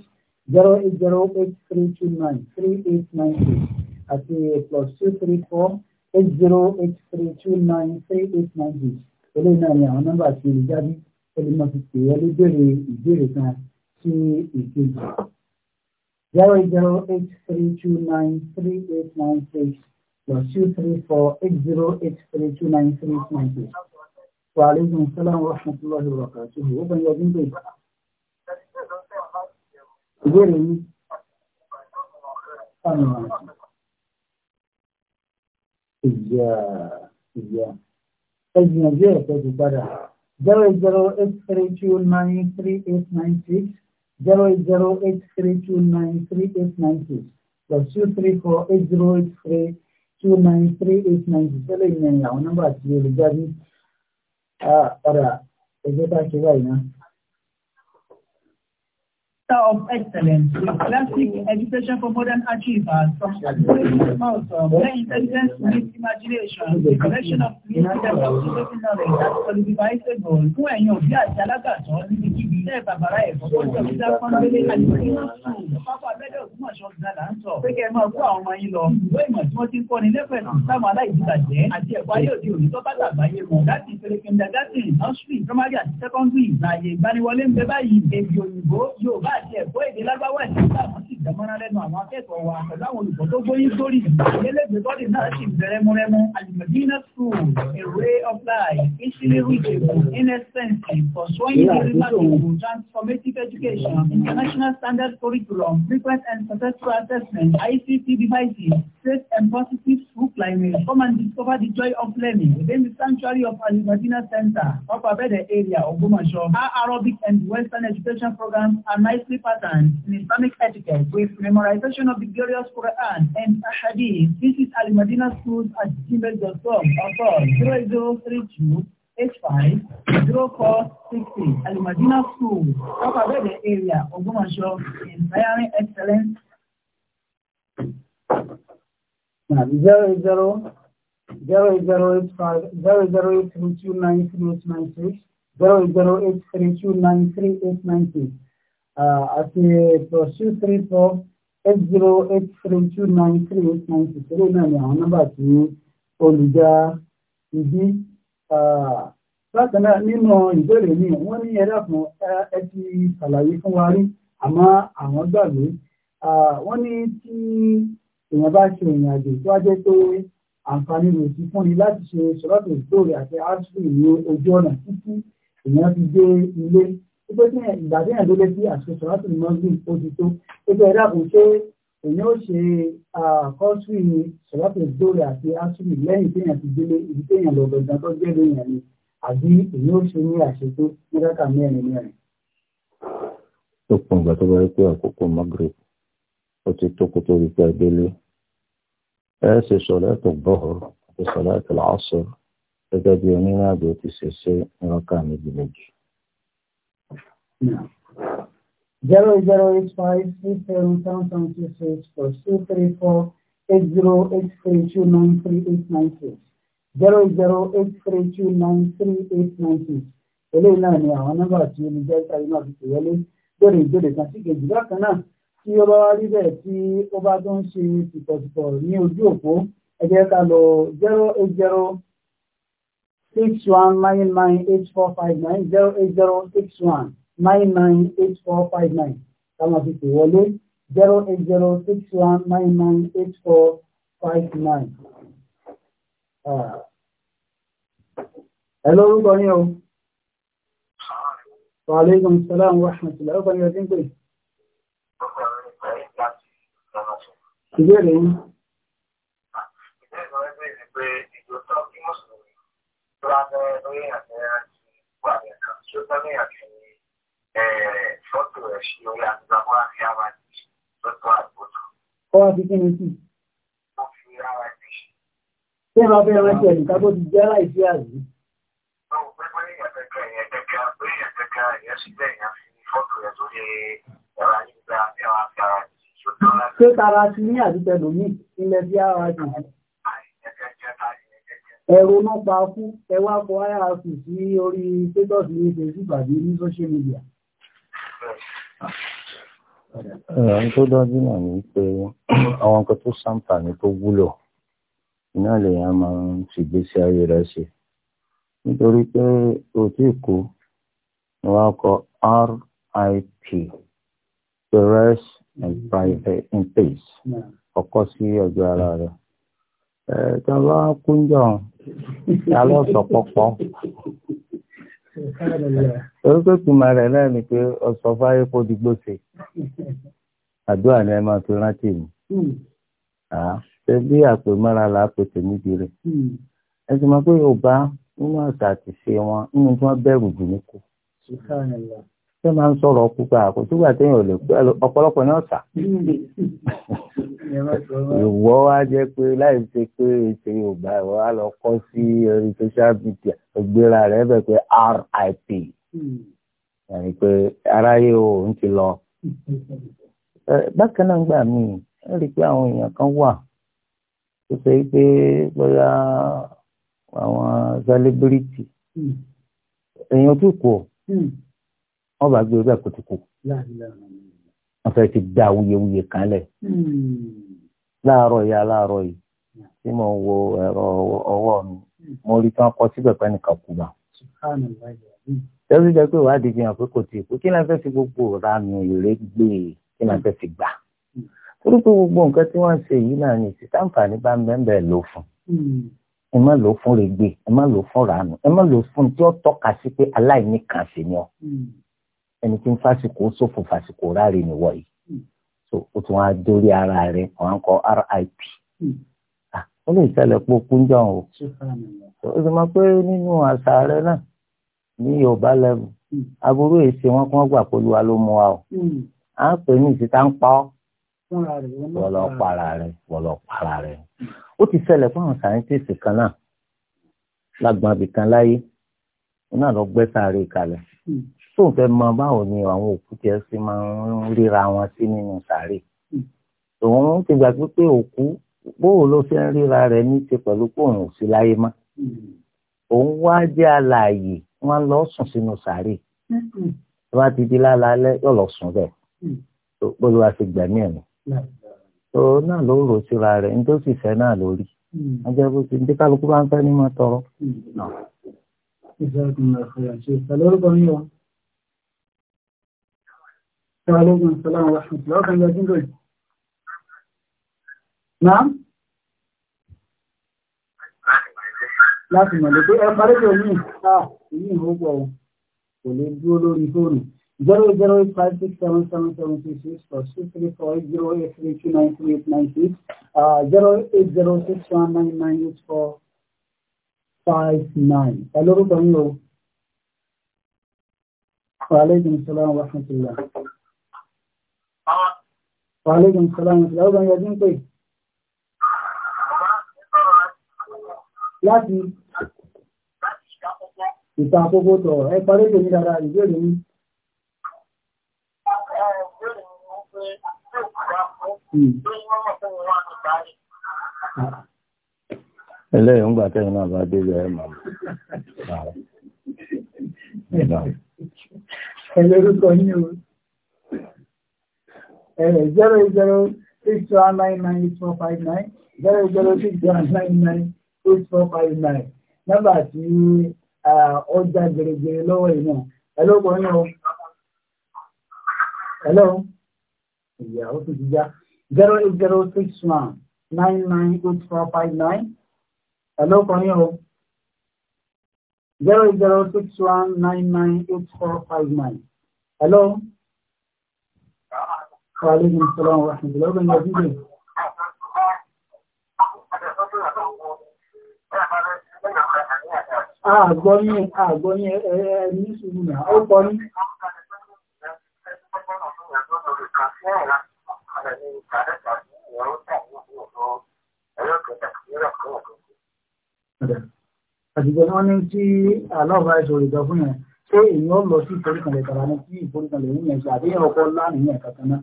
A: zero eight zero eight three two nine three eight nine six àti plus two three four eight zero eight three two nine three eight nine eight eléyìí náà ni àwọn nọ́mbà tí o jáde ẹlẹ́mọ̀ ti pè é lébèrè ìbéèrè kan sí ìkejì zero zero eight three two nine three eight nine six plus two three four eight zero eight three two nine three eight nine six. وعليكم السلام ورحمة الله وبركاته وبن يدين بيت غير ìyá ìyá ẹ̀sìn ọ̀bí ẹ̀fẹ́ ti padà zero eight zero eight three two nine three eight nine six zero zero eight three two nine three eight nine six plus two three four eight zero eight three two nine three eight nine six ẹlẹ́yìn ẹ̀yìn àwọn nọ́mbà àti olùjáde ọ̀rà ẹ̀jẹ̀ ṣe báyìí náà. Center of Excellence with Classic Education for Modern Achievers from also intelligence with imagination, the collection of creative knowledge that solidifies the goal fún ẹ̀yin òbí àti alágbàtọ́ níbikíbi ilé bàbára ẹ̀kọ́ tó jọ sí akọ́nlélé àdìsí pápá abẹ́rẹ́ ògbómọ̀ṣọ́ gbàdá ń sọ pé kẹ́ ẹ máa kó àwọn ọmọ yín lọ ìwé ìmọ̀ tí wọ́n ti ń kọ́ ni lẹ́fẹ̀ẹ́ náà sáwọn aláìdíbàjẹ́ àti ẹ̀kọ́ ayé òde òní tó bá tàgbáyé mọ̀ láti ìpele kindergarten nursery primary àti secondary láàyè ìgbaniwọlé ń bẹ báyìí èdè òyìnbó Yorùbá àti ẹ̀kọ́ èdè lágbáwá ìṣẹ́lá àwọn sì dẹ̀mọ́ra lẹ́nu àwọn akẹ́kọ̀ọ́ wa pẹ̀lú àwọn olùkọ́ tó gbóyún sórí ìgbàlélẹ́gbẹ̀ẹ́ bọ́dì náà sì bẹ̀rẹ̀ múrẹ́mú alimọ̀dínà school a ray of light easily reachable inexpensive pursuing irreversible transformative education international standard curriculum frequent and successful assessment ICT devices safe and positive through climbing, come and discover the joy of learning within the sanctuary of Alimadina Center, Upper Bede area of Gumashaw. Our Arabic and Western education programs are nicely patterned in Islamic etiquette with memorization of the glorious Quran and Hadith. This is Alimadina Schools at gmail.com or call 0032 H5 0460 Alimadina School, Upper Bede area of Gumashaw, inspiring excellence zero zero zero zero zero zero eight three two nine three zero zero eight three two nine three eight nine six àti plus two zero eight three two nine three eight nine six eléyìí náà ni àwọn nọ́mbà tí olùjà ìdí uh, bákan náà nínú ìbéèrè mi wọ́n ní ẹ̀rọ kan ẹ ti ṣàlàyé fún wa rí àmọ́ àwọn gbàgbé uh, wọ́n ní tí èèyàn bá ṣe ìrìn àjò tó wá jẹ́ pé àǹfààní rẹ̀ ti fún ni láti ṣe sọ́lọ́tò ìtòrè àti ashley ní ojú ọ̀nà títí èèyàn fi dé ilé ó pé kí ìgbà tí èèyàn délé sí àṣẹ sọ́lọ́tò mọ́gbìn ó ti tó ó bẹ̀rẹ̀ dàbò ṣé èèyàn ó ṣe kọ́sùn ní sọ́lọ́tò ìtòrè àti ashley lẹ́yìn tí èèyàn ti délé ibi tí èèyàn lọ gbọ̀ngàn tó jẹ́ lóyìn àná àbí èèyàn ó ṣe ní àṣetó ní rákà mẹ́rin mẹ́rin.
B: ó pọn ìgbà tó bá rí pé àkókò Maghrib ó ti tó kó tó rí pé délé ẹ ṣe sọ̀látù bọ́hùr àti sọ̀látù làásùr gẹ́gẹ́ bí onírìnàjò ti ṣe ṣe nírọ́kà méjì méjì.
A: zero zero eight five six seven seven seven two six four two three four eight zero eight three two nine three eight nine six zero zero eight three two nine three eight nine six eléyìí náà ni àwọn nọ́mbà tí olùjẹ́ ìta iná ti tẹ̀yẹ́lé lórí ìjọ́lẹ̀ kan sí kejì bákan náà tí ó bá wá rí bẹ́ẹ̀ tí ó bá tó ń ṣe tìtọ̀tìtọ̀ ní ojú òpó ẹ ká lọ zero eight zero six one nine nine eight four five nine zero eight zero six one nine nine eight four five nine ká máa fi pè wọlé zero eight zero six one nine nine eight four five nine. Ẹ lórúkọ ní o. Wa alaikum salaam wa rahmatullahi wa barakatuh. ìbéèrè yìí. Ọwọ́ àti kíni sí? Ṣé máa fẹ́ rántí ẹ̀yìn ká tó ti jẹ́ láìsí àrí? Ọ̀pẹ́ Ṣé tara ti ní àdúgbẹ̀lò yìí ilẹ̀ bí ara jù? Ẹ̀rọ náà pa fún ẹwà kọ IRC sí orí Pétọ́sì ní Facebook àbí ní social media. Ẹ̀rọ
B: tó dájú náà ni pé àwọn nǹkan tó ṣàǹfààní tó wúlò iná lèèyàn máa ń fìgbésí ayé rẹ̀ ṣe. Nítorí pé òtí ìkú ni wọ́n kọ RIP, the in private in peace ọkọ sí ọjọ́ ara rẹ̀ tí wọ́n bá kúnjọ ta ló sọ pọ́pọ́ torí pé kùmọ̀ rẹ̀ náà ni pé ọ̀sọ̀ fáyé kó digbó ṣe àdúrà ni ẹ máa fi rántí mi hmm. ṣe bí àpèmọ́ra là á pè tèmi dire hmm. ẹ sì mọ̀ pé Yorùbá nínú àṣà àti ṣe wọn nínú tí wọ́n bẹ̀rù jù ní kú ṣé máa ń sọ̀rọ̀ púpà kò sígbà téèyàn ò lè pẹ́ ọ̀pọ̀lọpọ̀ ní ọ̀sà.
A: ìwọ wá jẹ́ pé láì ṣe pé ètò yorùbá
B: ìwọ wá lọ kọ́ sí orí social media ògbéra rẹ̀ bẹ̀ pé RIP yàrá pé aráyé o ń ti lọ. bákan náà gbà mí ẹ rí i pé àwọn èèyàn kan wà tó ṣe pé bóyá àwọn celebrity èèyàn tó kù wọ́n bá gbé orí àkótìkù
A: wọ́n
B: fẹ́ ti dá awuyewuye kanlẹ̀ láàárọ̀ yìí aláàárọ̀ yìí tí mo wo ẹ̀rọ ọwọ́ mi mo rí tí wọ́n kọ síbẹ̀ pé nìkan kù bá. tẹ́sí jẹ́ pé ìwádìí fi hàn pé kò tíì kú kí náà fẹ́ fi gbogbo ranu ìrégbè e? kí náà fẹ́ fi gbà. torí pé gbogbo nǹkan tí wọ́n ṣe yìí náà ní bá ń bẹ́ẹ̀ bẹ́ẹ̀ lò fún ẹ má lò fún rẹ̀gbẹ́ ẹ má lò fún ranu ẹ má lò fún tí ó tọ́ka sí pé aláìníkànṣe ni ọ ẹni tí ń fásikò ṣòfò fásikò ráre nìwọ yìí so o tún wá dórí ara rẹ wọn kọ RIP hmm. ó lè ṣẹlẹ̀ pé o kúnjọ o o sì máa pé nínú àṣà rẹ náà ní Yorùbá lẹ́bù hmm. aburú èsì wọn kí wọ́n gbà pé Olúwa ló mú wa o hmm. à ń pè ní ìsìta ń pa ọ́
A: wọ́n para
B: rẹ̀ wọ́n para rẹ̀ ó ti ṣẹlẹ̀ fún àwọn sáyẹ́ntìsì kan náà lágbọ̀n abìkan láyé náà lọ gbẹ́ sáré kalẹ̀ tó ń fẹ́ mọ báwo ni àwọn òkú tiẹ̀ sí máa ń ríra wọn sí nínú sàárè òun ti gbà pé òkú bóun ló fẹ́ ríra rẹ̀ ní ti pẹ̀lú pé òun ò sí láyé mọ́ òun wá jẹ́ alààyè wọ́n lọ sùn sínú sàárè tó bá ti di lálálẹ́ yóò lọ sùn bẹ́ẹ̀ bóyá wàá ti gbẹ̀mí ẹ̀mí tó náà ló rò síra rẹ̀ ní tó sì fẹ́ náà lórí ajá bó ti dé
A: kálukú bá ń fẹ́ ní mọ́ tọrọ. ìṣègùn ẹ̀fọ́ yàtọ̀ ìṣẹ̀lẹ̀ orúkọ yín o. Alaikum salam wa rahmatullahi. Ọkàn yọjú lóyìn. Náà? Láti mọ̀lẹ̀ pé ẹ parí tó yìí, ah, èyí ìhógbọ̀ kò lè dúró lórí fóònù. 080567776 or 234-083293896, uh, 08061998459. Ẹ lórúkọ yín o. Wa alaikum salam wa rahmatullahi. Wàhálẹ́gùn Sọlámù Ìlọ́gbọ̀n yẹ dín pé. Láti ìta àkókò tọ̀ ẹ parí lè ní dára ìbéèrè ní. Ẹlẹ́yìn
B: ń gbà tẹ́yìn náà bá dé bẹ̀rẹ̀ mọ̀.
A: Ẹlẹ́rú kọ ní o. Eh, zero zero six one nine nine eight four five nine zero zero six one nine nine eight four five nine nọ́mbà tí ọjà gèrègèrè lọ́wọ́ yìí náà hello ní o hello ìyàwó tó ti já zero eight zero six one nine nine eight four five nine hello kò ní o zero eight zero six one nine nine eight four five nine hello. Aleykum salaam wa rahmatullahi wa barakatuh. Àgbọ́yìn àgbọ́yìn ẹni ṣùgbọ́n náà, ó pọ̀ ní. Àdìgbẹ́ wọ́n ní tí aláwọ̀ àìsàn ìjọ fún yẹn, ṣé èyí ó lọ sí ìforíkànlẹ̀ tàbí ní ìforíkànlẹ̀ yìí yẹn ṣe àdéhùn ọkọ̀ láàrin yẹn kankan náà.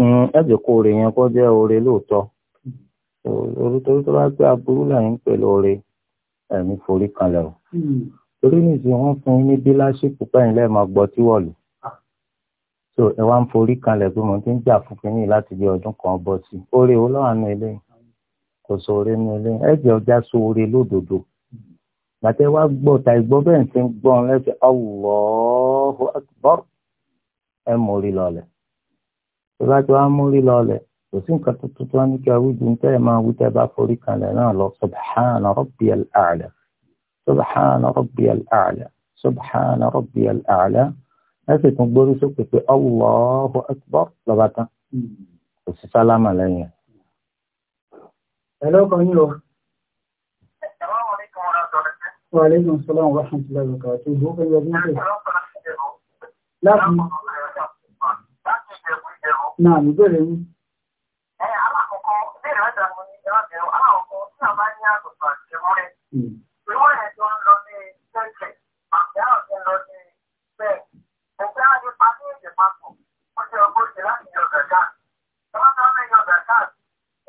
B: Hmm, ẹ̀jẹ̀ kó oore yẹn kó jẹ́ oore lóòótọ́ torí tó bá gbé aburú lẹ́yìn pẹ̀lú oore ẹ̀mí forí kanlẹ̀ o hmm. torí nìsín wọ́n fún yín ní dílásìpù pẹ́yìn lẹ́ẹ̀mọ́ gbọ́ tí wọ́n ah. so ẹ wá ń forí kanlẹ̀ pé mo ti ń jà fún kínní láti di ọdún kan bọ́ sí i oore wo lọ́wọ́ àánú eléyìí kò sóore nu eléyìí ẹ̀jẹ̀ ọjà sóore lódodo gbàtẹ́ wá gbọ́ ta ìgbọ́ bẹ́ẹ̀ ti ń gbọ́ lẹ́sẹ̀ Allahu Akbar ẹ̀ mórí lọ́lẹ̀. tó bá ti wá múrí lọlẹ̀ kò sí nǹkan tuntun tó ní kí awíjú ń tẹ́lẹ̀ máa wú tẹ́ bá forí kanlẹ̀ náà lọ subhana rabbiyal a'la subhana rabbiyal a'la subhana rabbiyal a'la ẹsẹ̀ tún gbórí sókè pé Allahu akbar lọ́ba tán kò sí sálámà lẹ́yìn.
A: ẹ̀lọ́ kan yín o. Wa alaikum salaam wa rahmatullahi wa barakatuh. Láti náà ní bẹ̀rẹ̀ yìí. ẹ alákọ̀ọ́kọ́ bẹ́ẹ̀ lọ́dọ̀ mo ní ìjọba bẹ̀rù alákọ̀ọ́kọ́ tí a bá ní àgùntàn àti ìmọ̀rẹ́ hmm. ìmọ̀ rẹ̀ tó ń lọ ní tẹ́tẹ̀ àgbẹ̀ àwọn tó ń lọ ní bẹ́ẹ̀ òkè àti pàṣẹ èdè papọ̀ ó ti ọkọ̀ ṣe láti yọ gàgà tọ́wọ́tọ́ mi yọ gàgà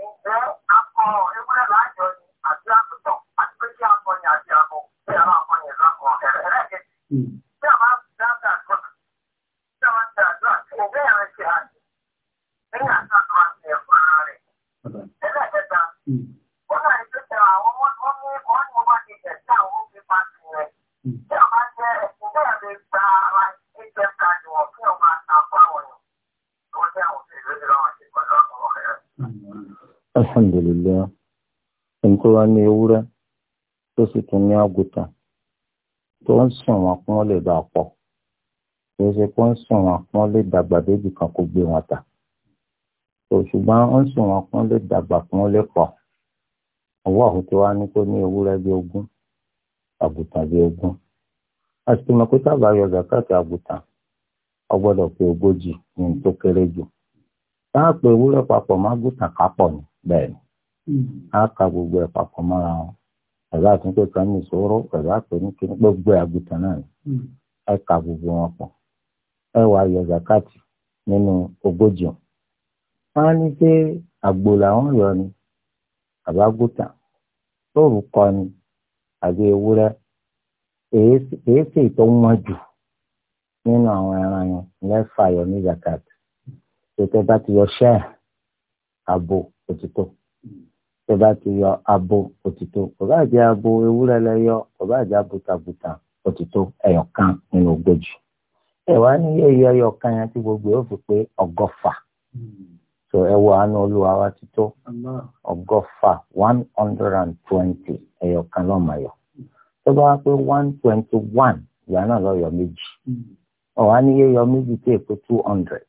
A: ǹjẹ́ akọ ewúrẹ́ láàjọ ni àti àtúntọ̀ àti pé kí akọni àti àbọ̀ bí àwọn akọni ìlú akọ ẹ̀rẹ̀ lẹ́yìn àti àtúwà sí ẹ̀kọ́ ara rẹ̀. ẹlẹ́kẹta ó náà ní pípẹ́ àwọn wọ́n ní wọ́n ní wọ́n bá ti jẹ̀ sí àwọn ó fi pa sí rẹ̀.
B: tí ọba jẹ ẹ̀sìn bẹ́ẹ̀ lè gba ara ẹgbẹ́ ta ni wọ́n fi ọba àtàkọ́ àwọn èèyàn tó jẹ́ àwọn òṣèlú lórí lọ́wọ́ àti pẹ̀lú àwọn ọ̀rẹ́ alhamdulilayi ẹnití wàá ní ewúrẹ́ tó sì tún ní àgùtàn tó ń sìn wọn kí wọn lè bá a pọ̀ kì í ṣe pé ó ń sìn wọn kí wọn lè dàgbà débi kan kó gbé wọn ta. tó ṣùgbọ́n ó ń sùn wọn kún lè dàgbà kún lè pọ̀ ọwọ́ àhùtí wa ní kó ní ewúrẹ́ ogún àgùntàn ogún a mọ̀ pé yọ zakati àgùntàn pé ogójì ní tó kéré jù pé ewúrẹ́ papọ̀ bẹ́ẹ̀ ni ka gbogbo ẹ̀ papọ̀ mọ́ra wọn ẹ̀rọ àtúntò kan ní ìṣòro ẹ̀rọ gbogbo àgùntàn náà ni hmm. gbogbo wọ́n á ní pé àgbò làwọn yọ ni àbágùtà tóòrù kọ ni àbí ewúrẹ́ èyí sì tó wọ́n jù nínú àwọn ẹran yẹn lẹ́fà yọ ní zakat tètè bá ti yọ ṣẹ́ abo òtítọ́ tètè bá ti yọ abo òtítọ́ bàbá àti abo ewúrẹ́ lẹ yọ bàbá àti abo tàbùtà òtítọ́ ẹ̀yọ̀kan nínú ogójì ẹ̀ wá ní yẹ́yẹ́ ẹ̀yọ̀kan yẹn tí gbogbo yóò fi pé ọgọ́fà. so ẹwọ wo àánú olúwa ti tó ọgọ́fà one hundred and twenty ẹ̀yọ̀ kan lọ́mọ̀ọ́yọ̀ tó one twenty one ìyá náà méjì ọ̀wá yọ méjì tó hmm. two hundred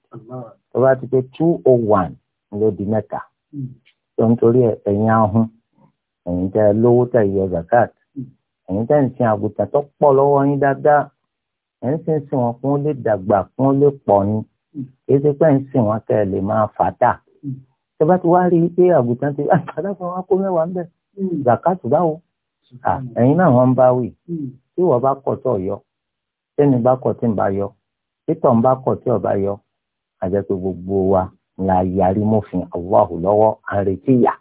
B: tó bá ti pé two oh one ló di mẹ́ta hmm. tó ń torí ẹ̀yin ahun ẹ̀yin lówó yọ zakat hmm. ẹ̀yin tẹ́ ń sin àgùntàn tó pọ̀ lọ́wọ́ yín dáadáa kì í ṣe pé ń sìn wọn kẹ́ ẹ lè máa fà á tà ṣé bá ti wá rí i pé àgùntàn ti àtàkùn wọn kó mẹ́wàá ń bẹ̀ zakatu báwo ẹ̀yin náà wọ́n ń bá wì tí wọ́n bá kọ̀ tó yọ tẹ́ni bá kọ̀ tí ń bá yọ títọ̀ ń bá kọ̀ tí ọba yọ àjẹpẹ́ gbogbo wa la yarí mọ́fin Allahu lọ́wọ́ àrètí yà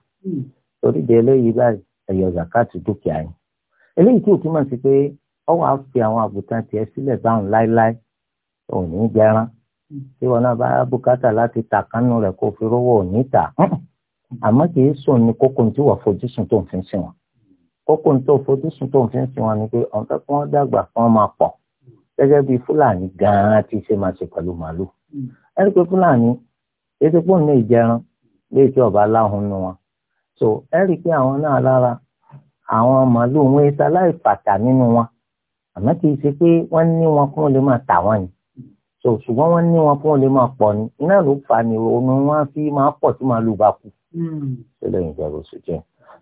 B: torí de eléyìí báyìí ẹ̀yọ zakatu dúkìá yìí eléyìí tí ò túmọ̀ sí pé ọwọ́ á fi àwọn àgùntàn tiẹ̀ sílẹ̀ báwọn láéláé òun ní tí wọn náà bá bùkátà láti tàkánú rẹ̀ kó fi rówó níta àmọ́ kì í sùn ní kókó tí wọ́n fojúsùn tó ń fi sìn wọn kókó tó fojúsùn tó ń fi sìn wọn ni pé ọ̀n fẹ́ kí wọ́n dàgbà kí wọ́n máa pọ̀ gẹ́gẹ́ bí fúlàní gan-an ti ṣe máa ṣe pẹ̀lú màálù mm-hmm. ẹni pé fúlàní ètò ní ìjẹran lè tí ọba láhùn nu wọn so ẹ rí i pé àwọn náà lára àwọn màálù wọn ètò aláìfàtà nínú wọn àmọ́ kì í ṣe pé wọ́n ní wọn kún lè máa tà wọ́n yìí so ṣùgbọ́n wọ́n ní wọn fún olè máa pọ̀ ni iná ló fà ní ònà wọn fi máa pọ̀ tí màá lù bá kú. ṣẹlẹ̀ yìí jẹ́ oṣù jẹ́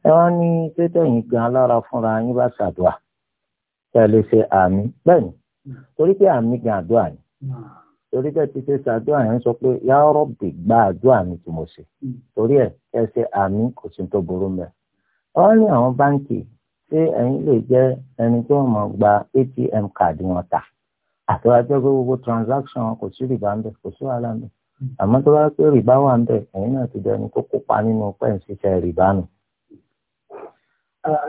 B: ẹ wọ́n ní tẹ́tẹ̀ yìí gan alára fúnra yín bá ṣàdúrà kẹ́ lè ṣe àmì bẹ́ẹ̀ ni torí pé àmì gan àdúrà ni hmm. torí bẹ́ẹ̀ ti ṣe ṣàdúrà yẹn sọ pé yà rọ́bì gba àdúrà mi tí mo ṣe hmm. torí ẹ̀ kẹ́ ẹ ṣe àmì kò sí tó burú mẹ́ wọ́n ní àwọn báǹkì ṣé ẹ̀yin lè jẹ́ ẹni tí wọ́n mọ̀ gba ATM káàdì wọn ta àtọ́wá jẹ́ pé gbogbo transaction kò sí rìbá ń bẹ̀ kò sí wàhálà ń bẹ̀ hmm. àmọ́ tó bá pé rìbá wà ń bẹ̀ ẹ̀yin náà ti dẹni tó kópa nínú pẹ́ǹsì ṣe rìbá nù.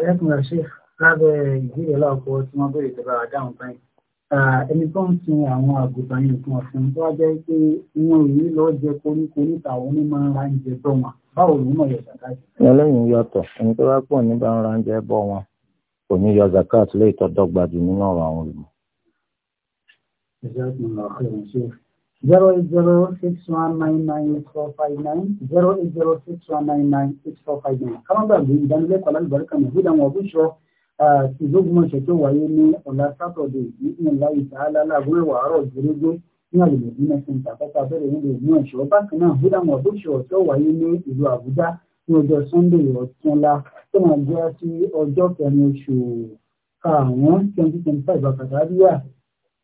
A: ẹ̀ẹ́dùn ṣe lábẹ́ ìbéèrè láàpọ̀ tí wọ́n béèrè ìjọba àdáhùn báyìí ẹni tó ń sin àwọn àgùntàn yìí fún ọ̀sìn tó wá jẹ́ pé wọn ò ní lọ́ọ́ jẹ koríko níta àwọn onímọ̀ ńlá ń jẹ bọ́ wọn báwo ló mọ̀ yọ zakat.
B: ẹlẹ́yìn yọtọ̀ ẹni tó bá pọ̀ níbà ń ń jẹ bọ́ wọn kò ní yọ zakat lè tọ́ dọ́gba jù nínú ọ̀rọ̀ àwọn olùmọ̀.
A: Jazakumullah khairan Sheikh. 08061998459 08061998459 kàlọ́ńdàgbé ìdánilẹ́kọ̀ọ́ alábàárẹ́kà mọ̀gbúdà wọn bùṣọ tí lógúnmọ̀ṣẹ́ tó wáyé ní ọ̀la sátọ̀dẹ̀ ìpínlẹ̀ láyé tààlà láàbọ̀ ẹ̀wà àárọ̀ gẹ́gẹ́ ní àlùmọ̀ ìpínlẹ̀ sẹ́ńtà pátá bẹ̀rẹ̀ nílùú ìlú ẹ̀ṣọ́ bákan náà bùdà wọn bùṣọ tó wáyé ní ìlú àbújá ní ọjọ́ sunday ọ̀túnla tó máa jẹ́ sí ọjọ́ kẹrin oṣù karùn-ún twenty twenty five àkàtà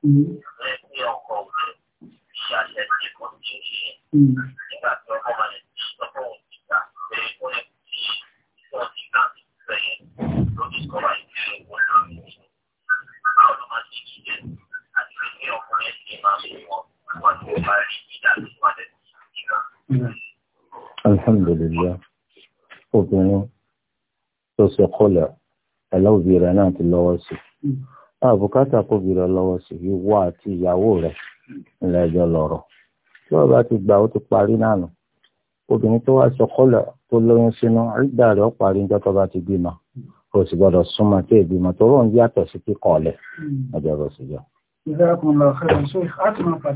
A: Ẹgbẹ́ ọkọ̀ òwe ṣe àṣẹ tí kò ní
B: Alhamdulillah, obìnrin tó ṣe kọ́là aláwòbí náà ti lọ́wọ́ sí àbùkátà ah, kò bìrọ lọ́wọ́ sí ìwọ àti ìyàwó rẹ ńlẹjọ lọ́rọ̀ tí wọn bá ti gbà ó ti parí nànú obìnrin tó wá sọkọlẹ tó lóyún sínú rígbà rẹ ó parí níjọ́ tó bá ti bímọ o sì gbọ́dọ̀ súnmọ́ tí ìbímọ
A: tó rọ ń sí kíkọ ọlẹ ọjọ́ hmm. bó sì jọ. ìlẹ́kùn lọ́kẹ́ ṣe àtúnṣe